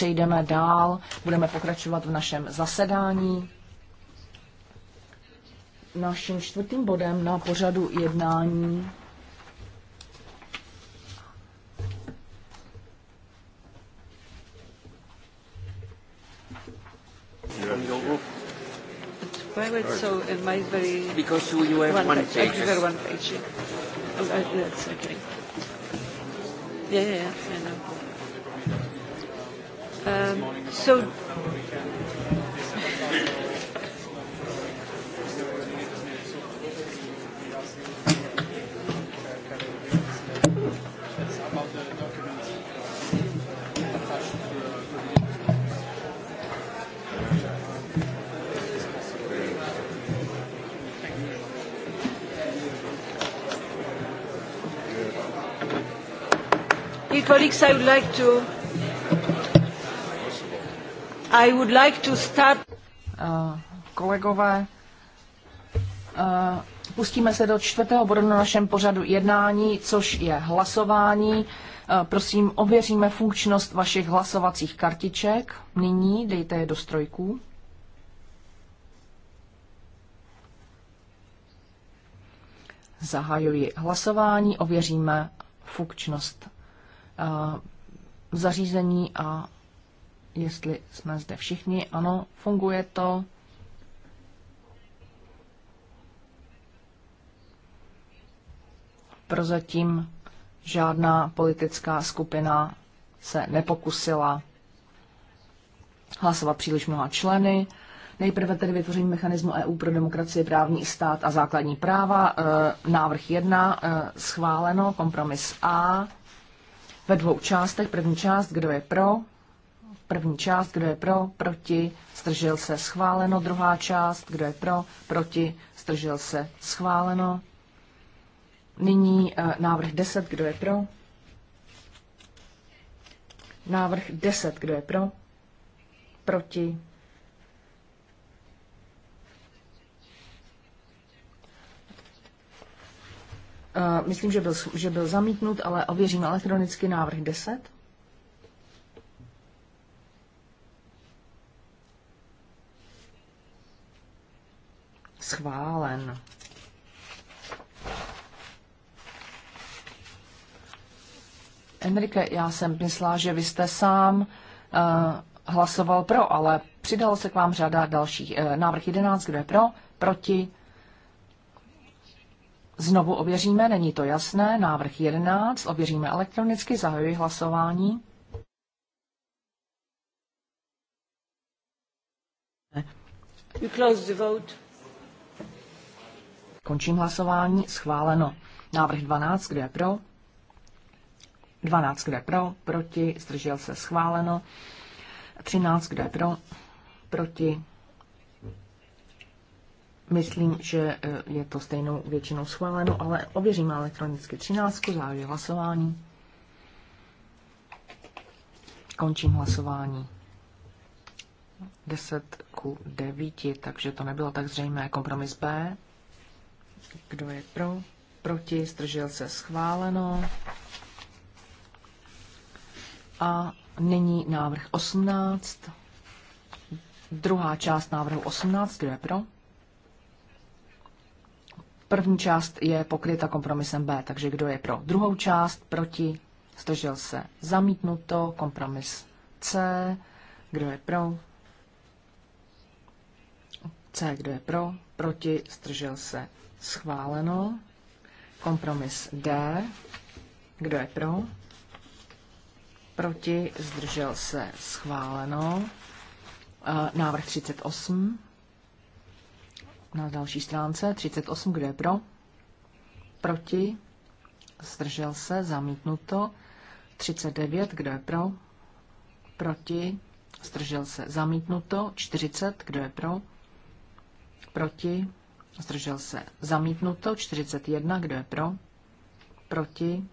přejdeme dál, budeme pokračovat v našem zasedání. Naším čtvrtým bodem na pořadu jednání Yeah. Uh, oh, yeah, yeah, yeah. I know. Um, so colleagues, I would like to Eh, kolegové, eh, pustíme se do čtvrtého bodu na našem pořadu jednání, což je hlasování. Eh, prosím, ověříme funkčnost vašich hlasovacích kartiček. Nyní dejte je do strojků. Zahajuji hlasování, ověříme funkčnost zařízení a jestli jsme zde všichni. Ano, funguje to. Prozatím žádná politická skupina se nepokusila hlasovat příliš mnoha členy. Nejprve tedy vytvoření mechanismu EU pro demokracii, právní stát a základní práva. E, návrh 1 e, schváleno, kompromis A ve dvou částech. První část, kdo je pro, První část, kdo je pro, proti, zdržel se, schváleno. Druhá část, kdo je pro, proti, zdržel se, schváleno. Nyní eh, návrh 10, kdo je pro? Návrh 10, kdo je pro? Proti? Eh, myslím, že byl, že byl zamítnut, ale ověřím elektronicky návrh 10. schválen. Enrique, já jsem myslela, že vy jste sám uh, hlasoval pro, ale přidalo se k vám řada dalších. Uh, návrh 11, kdo je pro, proti. Znovu ověříme, není to jasné. Návrh 11, ověříme elektronicky, zahajuji hlasování. You close the vote. Končím hlasování. Schváleno. Návrh 12, kde je pro? 12, kde je pro? Proti? Zdržel se? Schváleno. 13, kde je pro? Proti? Myslím, že eh, je to stejnou většinou schváleno, ale ověřím elektronicky 13. Závěr hlasování. Končím hlasování. 10 ku 9, takže to nebylo tak zřejmé. Kompromis B. Kdo je pro? Proti? Zdržel se? Schváleno. A nyní návrh 18. Druhá část návrhu 18. Kdo je pro? První část je pokryta kompromisem B, takže kdo je pro druhou část, proti, zdržel se, zamítnuto, kompromis C, kdo je pro, C, kdo je pro, proti, zdržel se, Schváleno. Kompromis D. Kdo je pro? Proti? Zdržel se? Schváleno. E, návrh 38. Na další stránce 38. Kdo je pro? Proti? Zdržel se? Zamítnuto. 39. Kdo je pro? Proti? Zdržel se? Zamítnuto. 40. Kdo je pro? Proti? Zdržel se. Zamítnuto 41. Kdo je pro? Proti?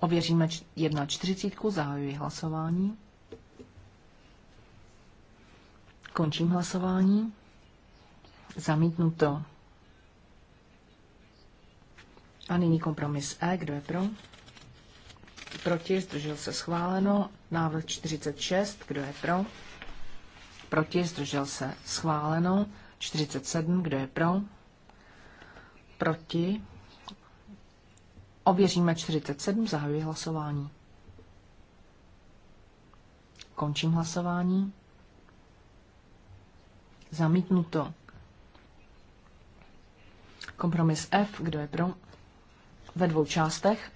Ověříme 1.40. Zahajuji hlasování. Končím hlasování. Zamítnuto. A nyní kompromis E. Kdo je pro? Proti? Zdržel se. Schváleno. Návrh 46. Kdo je pro? Proti? Zdržel se. Schváleno. 47, kdo je pro? Proti? Ověříme 47, zahajuji hlasování. Končím hlasování. Zamítnuto. Kompromis F, kdo je pro? Ve dvou částech.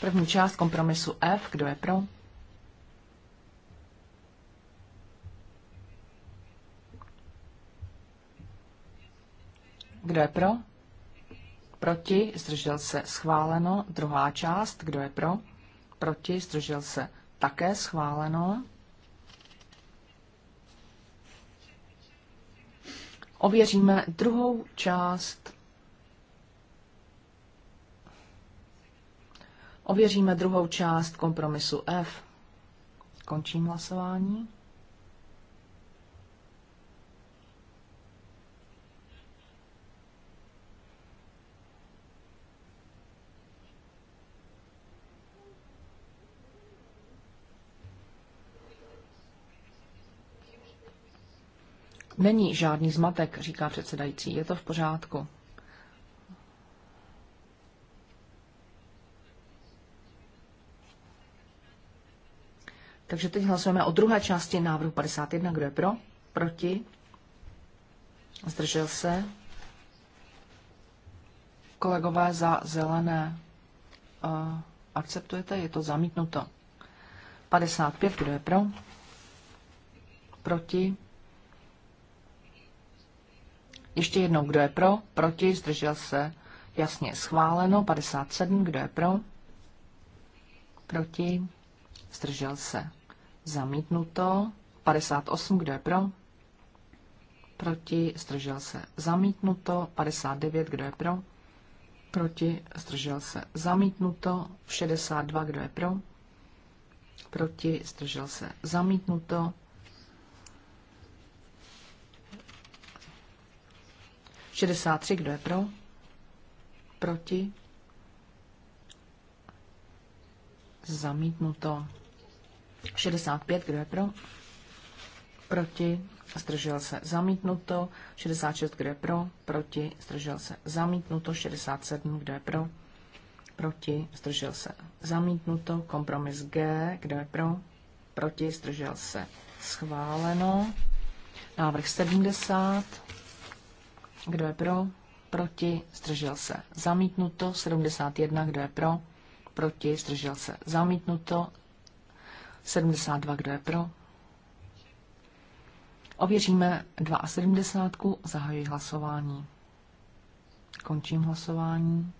První část kompromisu F, kdo je pro? Kdo je pro? Proti, zdržel se, schváleno. Druhá část, kdo je pro? Proti, zdržel se, také schváleno. Ověříme druhou část. Ověříme druhou část kompromisu F. Končím hlasování. Není žádný zmatek, říká předsedající, je to v pořádku. Takže teď hlasujeme o druhé části návrhu 51. Kdo je pro? Proti? Zdržel se? Kolegové za zelené, uh, akceptujete? Je to zamítnuto. 55. Kdo je pro? Proti? Ještě jednou, kdo je pro, proti, zdržel se, jasně schváleno. 57, kdo je pro, proti, zdržel se, zamítnuto. 58, kdo je pro, proti, zdržel se, zamítnuto. 59, kdo je pro, proti, zdržel se, zamítnuto. 62, kdo je pro, proti, zdržel se, zamítnuto. 63, kdo je pro? Proti? Zamítnuto. 65, kdo je pro? Proti? Zdržel se zamítnuto. 66, kdo je pro? Proti? Zdržel se zamítnuto. 67, kdo je pro? Proti? Zdržel se zamítnuto. Kompromis G, kdo je pro? Proti? Zdržel se schváleno. Návrh 70, kdo je pro? Proti? Zdržel se. Zamítnuto. 71. Kdo je pro? Proti? Zdržel se. Zamítnuto. 72. Kdo je pro? Ověříme 72. Zahajuji hlasování. Končím hlasování.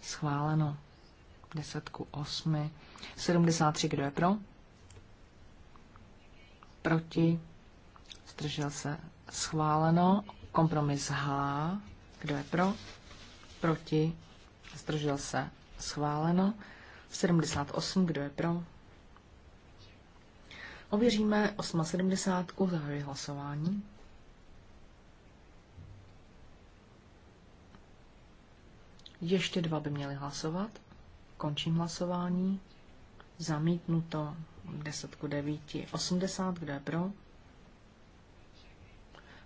Schváleno. 10 ku 8. 73. Kdo je pro? Proti? Zdržel se. Schváleno. Kompromis H. Kdo je pro? Proti? Zdržel se? Schváleno. 78. Kdo je pro? Ověříme 78. Zahajuji hlasování. Ještě dva by měli hlasovat. Končím hlasování. Zamítnuto 10 ku 9. 80, kdo je pro?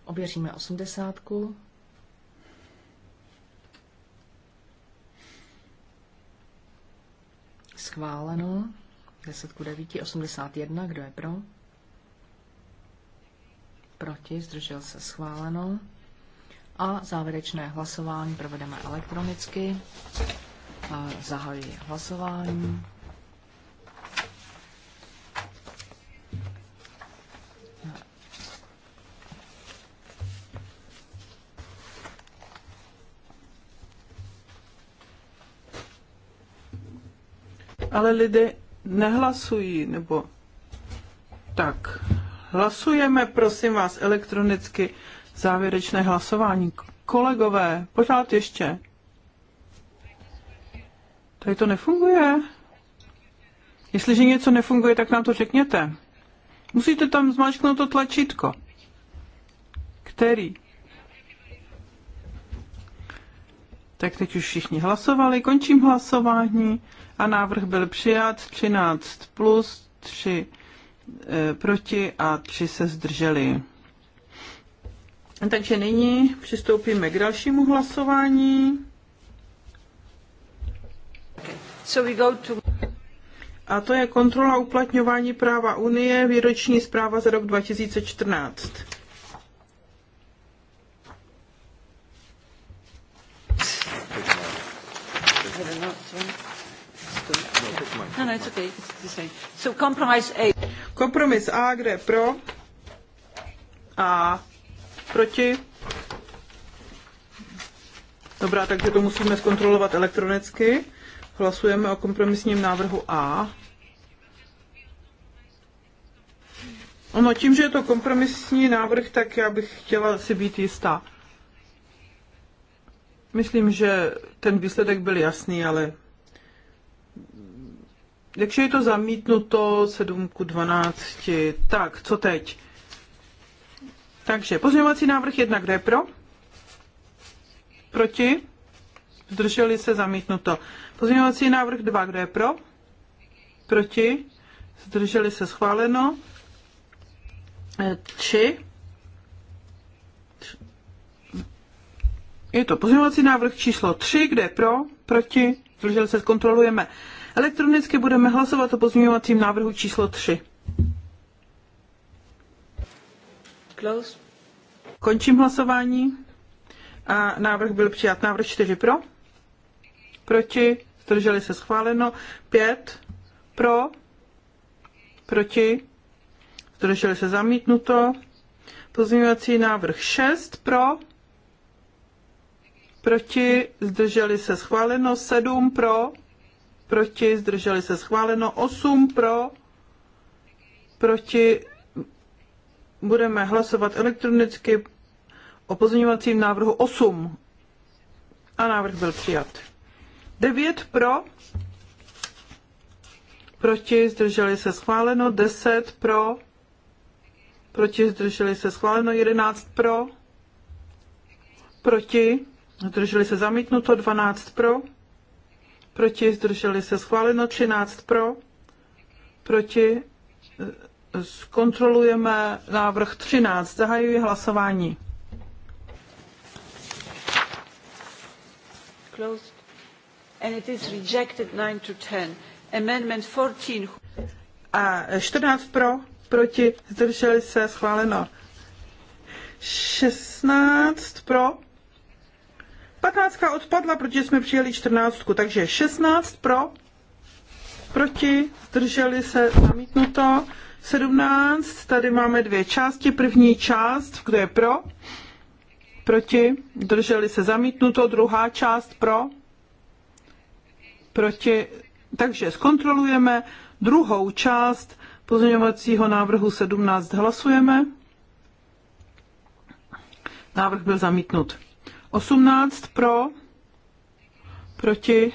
Oběříme osmdesátku. Schváleno. 10 ku 9, 81, kdo je pro? Proti, zdržel se schváleno. A závěrečné hlasování provedeme elektronicky. Zahajuji hlasování. ale lidé nehlasují, nebo tak. Hlasujeme, prosím vás, elektronicky závěrečné hlasování. Kolegové, pořád ještě. Tady to nefunguje. Jestliže něco nefunguje, tak nám to řekněte. Musíte tam zmáčknout to tlačítko. Který? Tak teď už všichni hlasovali, končím hlasování a návrh byl přijat 13 plus 3 e, proti a 3 se zdrželi. Takže nyní přistoupíme k dalšímu hlasování. So we go to... A to je kontrola uplatňování práva Unie, výroční zpráva za rok 2014. No, no, it's okay. It's the same. So compromise A. Kompromis A, kde je pro a proti. Dobrá, takže to musíme zkontrolovat elektronicky. Hlasujeme o kompromisním návrhu A. Ono tím, že je to kompromisní návrh, tak já bych chtěla si být jistá. Myslím, že ten výsledek byl jasný, ale takže je to zamítnuto 7 k 12. Tak, co teď? Takže pozměňovací návrh jednak kde je pro? Proti? Zdrželi se zamítnuto. Pozměňovací návrh 2, kde je pro? Proti? Zdrželi se schváleno. 3. E, je to pozměňovací návrh číslo 3, kde je pro? Proti? Zdrželi se, zkontrolujeme. Elektronicky budeme hlasovat o pozměňovacím návrhu číslo 3. Close. Končím hlasování. A návrh byl přijat. Návrh 4 pro. Proti. Zdrželi se schváleno. 5 pro. Proti. Zdrželi se zamítnuto. Pozměňovací návrh 6 pro. Proti. Zdrželi se schváleno. 7 pro proti, zdrželi se schváleno, 8 pro, proti, budeme hlasovat elektronicky o pozměňovacím návrhu 8 a návrh byl přijat. 9 pro, proti, zdrželi se schváleno, 10 pro, proti, zdrželi se schváleno, 11 pro, proti, zdrželi se zamítnuto, 12 pro, proti, zdrželi se schváleno, 13 pro, proti, zkontrolujeme návrh 13, zahajuji hlasování. Closed. And it is rejected 9 to 10. Amendment 14. A 14 pro, proti, zdrželi se schváleno. 16 pro, 15 odpadla, protože jsme přijeli 14, takže 16 pro, proti, zdrželi se, zamítnuto. 17, tady máme dvě části. První část, kdo je pro, proti, Drželi se, zamítnuto. Druhá část pro, proti. Takže zkontrolujeme druhou část pozměňovacího návrhu 17 hlasujeme. Návrh byl zamítnut. 18 pro, proti,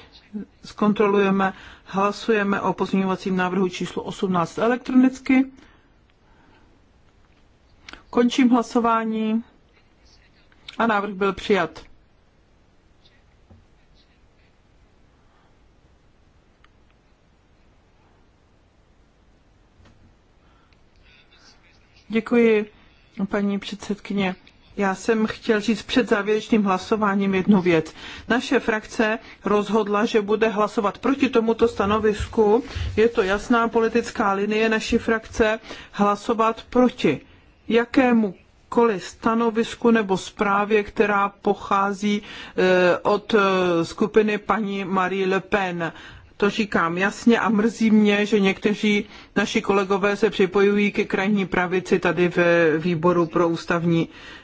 zkontrolujeme, hlasujeme o pozměňovacím návrhu číslo 18 elektronicky. Končím hlasování a návrh byl přijat. Děkuji, paní předsedkyně. Já jsem chtěl říct před závěrečným hlasováním jednu věc. Naše frakce rozhodla, že bude hlasovat proti tomuto stanovisku. Je to jasná politická linie naší frakce hlasovat proti jakémukoli stanovisku nebo zprávě, která pochází eh, od eh, skupiny paní Marie Le Pen. To říkám jasně a mrzí mě, že někteří naši kolegové se připojují ke krajní pravici tady ve výboru pro ústavní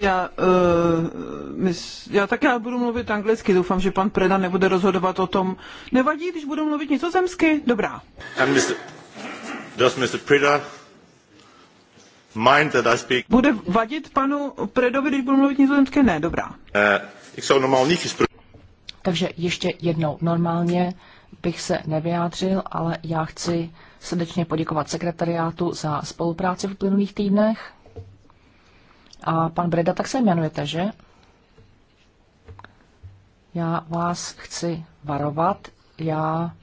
Já, uh, eh, mis, já tak já budu mluvit anglicky, doufám, že pan Preda nebude rozhodovat o tom. Nevadí, když budu mluvit nizozemsky? Dobrá. And Mr. Does Mr. Preda mind that I speak? Bude vadit panu Predovi, když budu mluvit nizozemsky? Ne, dobrá. Uh, Takže ještě jednou, normálně bych se nevyjádřil, ale já chci srdečně poděkovat sekretariátu za spolupráci v plynulých týdnech. A pan Breda, tak se jmenujete, že? Já vás chci varovat. Já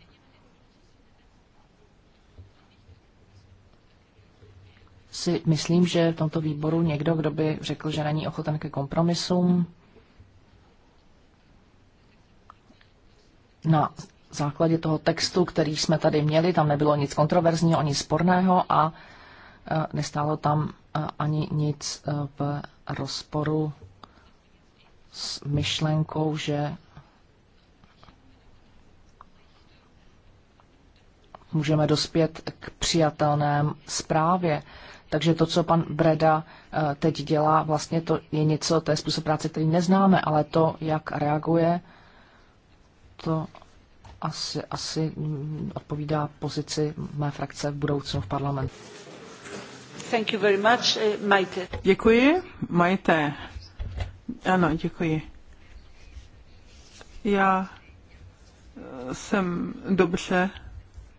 si myslím, že v tomto výboru někdo, kdo by řekl, že není ochoten ke kompromisům, na základě toho textu, který jsme tady měli, tam nebylo nic kontroverzního ani sporného a Eh, nestálo tam eh, ani nic eh, v rozporu s myšlenkou, že můžeme dospět k přijatelném zprávě. Takže to, co pan Breda teď dělá, vlastně to je něco, to je způsob práce, který neznáme, ale to, jak reaguje, to asi, asi mm, odpovídá pozici mé frakce v budoucnu v parlamentu. Eh, děkuji, Majte. Ano, děkuji. Já eh, jsem dobře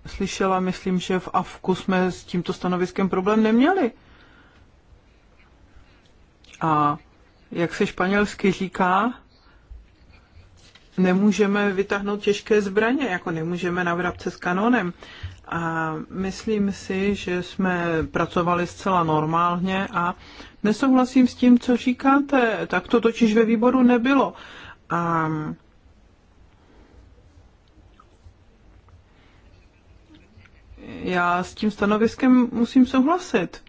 slyšela, myslím, že v AFKu jsme s tímto stanoviskem problém neměli. A jak se španělsky říká, nemůžeme vytáhnout těžké zbraně, jako nemůžeme na vrabce s kanonem. A myslím si, že jsme pracovali zcela normálně a nesouhlasím s tím, co říkáte. Tak to totiž ve výboru nebylo. A já s tím stanoviskem musím souhlasit.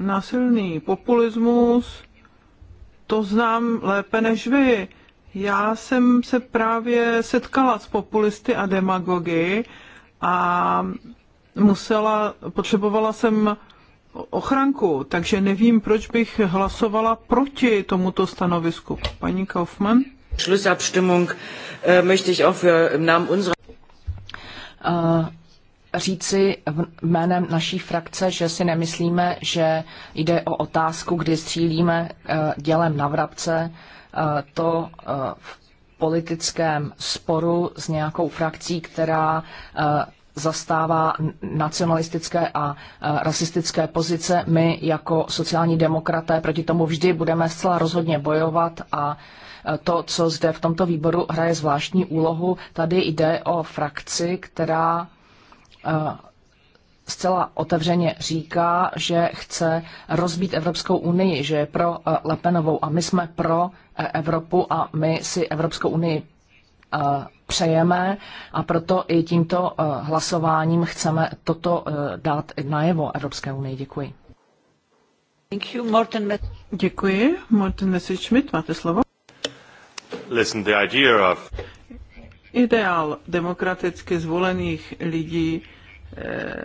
Násilný populismus, to znám lépe než vy. Já jsem se právě setkala s populisty a demagogy a musela, potřebovala jsem ochranku, takže nevím, proč bych hlasovala proti tomuto stanovisku. Paní Kaufmann? Schlussabstimmung äh, möchte ich auch für im Namen unserer... Uh říci jménem naší frakce, že si nemyslíme, že jde o otázku, kdy střílíme eh, dělem na vrabce. Eh, to eh, v politickém sporu s nějakou frakcí, která zastává nacionalistické a rasistické pozice. My jako sociální demokraté proti tomu vždy budeme zcela rozhodně bojovat a to, co zde v tomto výboru hraje zvláštní úlohu, tady jde o frakci, která Eh, zcela otevřeně říká, že chce rozbít Evropskou unii, že je pro eh, Lepenovou a my jsme pro eh, Evropu a my si Evropskou unii přejeme a proto i tímto hlasováním chceme toto dát najevo Evropské unii. Děkuji. Děkuji. Martin Messerschmidt, máte slovo. Listen, the idea of... Ideál demokraticky zvolených lidí Eh,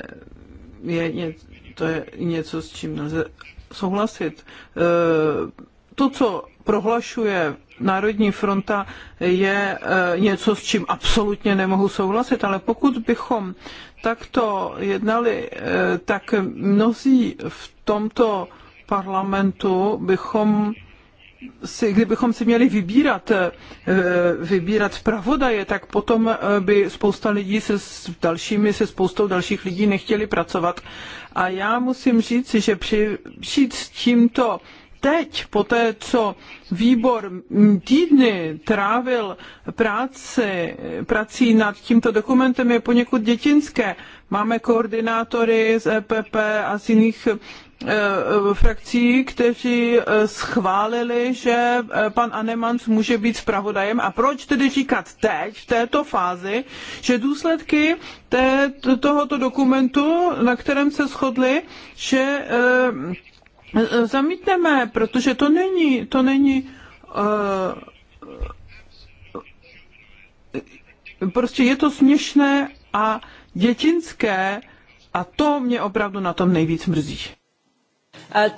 je, ně, to je něco, s čím nelze souhlasit. Eh, to, co prohlašuje Národní fronta, je eh, něco, s čím absolutně nemohu souhlasit, ale pokud bychom takto jednali, tak mnozí v tomto parlamentu bychom si, kdybychom si měli vybírat, eh, vybírat pravodaje, tak potom eh, by spousta lidí se s dalšími, se spoustou dalších lidí nechtěli pracovat. A já musím říct, že přijít s tímto teď, po té, co výbor týdny trávil práci, prací nad tímto dokumentem, je poněkud dětinské. Máme koordinátory z EPP a z jiných Eh, eh, frakcí, kteří eh, schválili, že pan Anemans může být zpravodajem. A proč tedy říkat teď, v této fázi, že důsledky té, tohoto dokumentu, na kterém se shodli, že zamítneme, protože to není, to není prostě je to směšné a dětinské a to mě opravdu na tom nejvíc mrzí. Uh,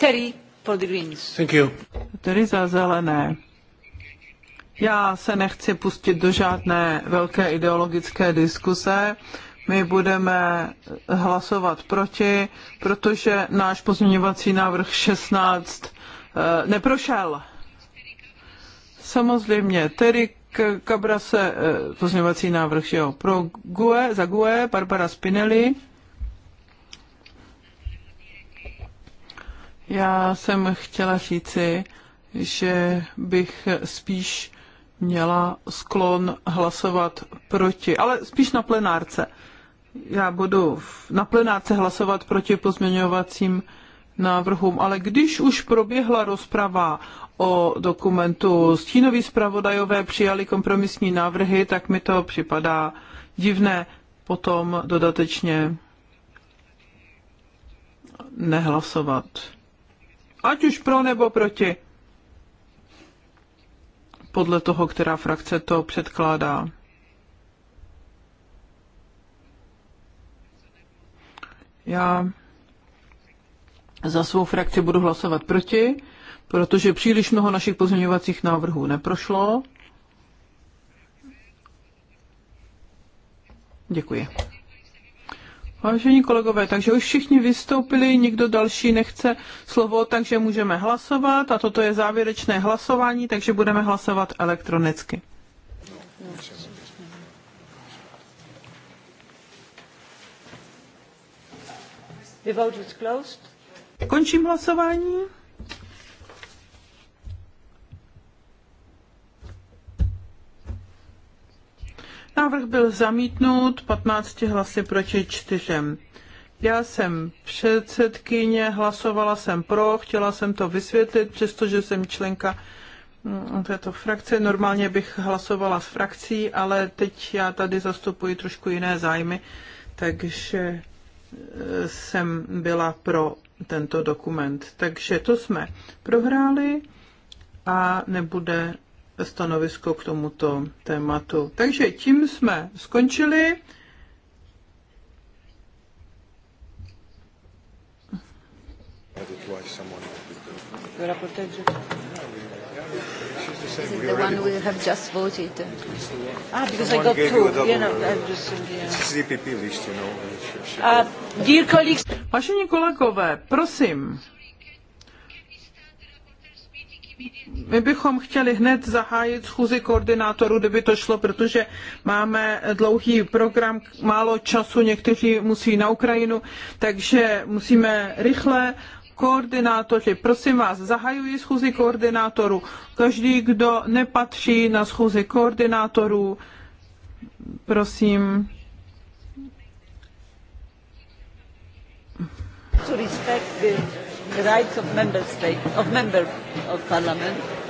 Terry za zelené. Já se nechci pustit do žádné velké ideologické diskuse. My budeme hlasovat proti, protože náš pozměňovací návrh 16 eh, neprošel. Samozřejmě, tedy Kabra se eh, pozměňovací návrh, jo, pro GUE, za GUE, Barbara Spinelli. Já jsem chtěla říci, že bych spíš měla sklon hlasovat proti, ale spíš na plenárce. Já budu na plenárce hlasovat proti pozměňovacím návrhům, ale když už proběhla rozprava o dokumentu stínový zpravodajové přijali kompromisní návrhy, tak mi to připadá divné potom dodatečně nehlasovat ať už pro nebo proti, podle toho, která frakce to předkládá. Já za svou frakci budu hlasovat proti, protože příliš mnoho našich pozměňovacích návrhů neprošlo. Děkuji. Vážení kolegové, takže už všichni vystoupili, nikdo další nechce slovo, takže můžeme hlasovat a toto je závěrečné hlasování, takže budeme hlasovat elektronicky. The vote is closed. Končím hlasování. Návrh byl zamítnut 15 hlasy proti čtyřem. Já jsem předsedkyně, hlasovala jsem pro, chtěla jsem to vysvětlit, přestože jsem členka mm, této frakce. Normálně bych hlasovala s frakcí, ale teď já tady zastupuji trošku jiné zájmy, takže e, jsem byla pro tento dokument. Takže to jsme prohráli a nebude stanovisko k tomuto tématu. Takže tím jsme skončili. Vážení kolegové, prosím my bychom chtěli hned zahájit schůzi koordinátorů, kdyby to šlo, protože máme dlouhý program, málo času, někteří musí na Ukrajinu, takže musíme rychle koordinátoři, prosím vás, zahajuji schůzi koordinátorů. Každý, kdo nepatří na schůzi koordinátorů, prosím. To respect the rights of member state of member of parliament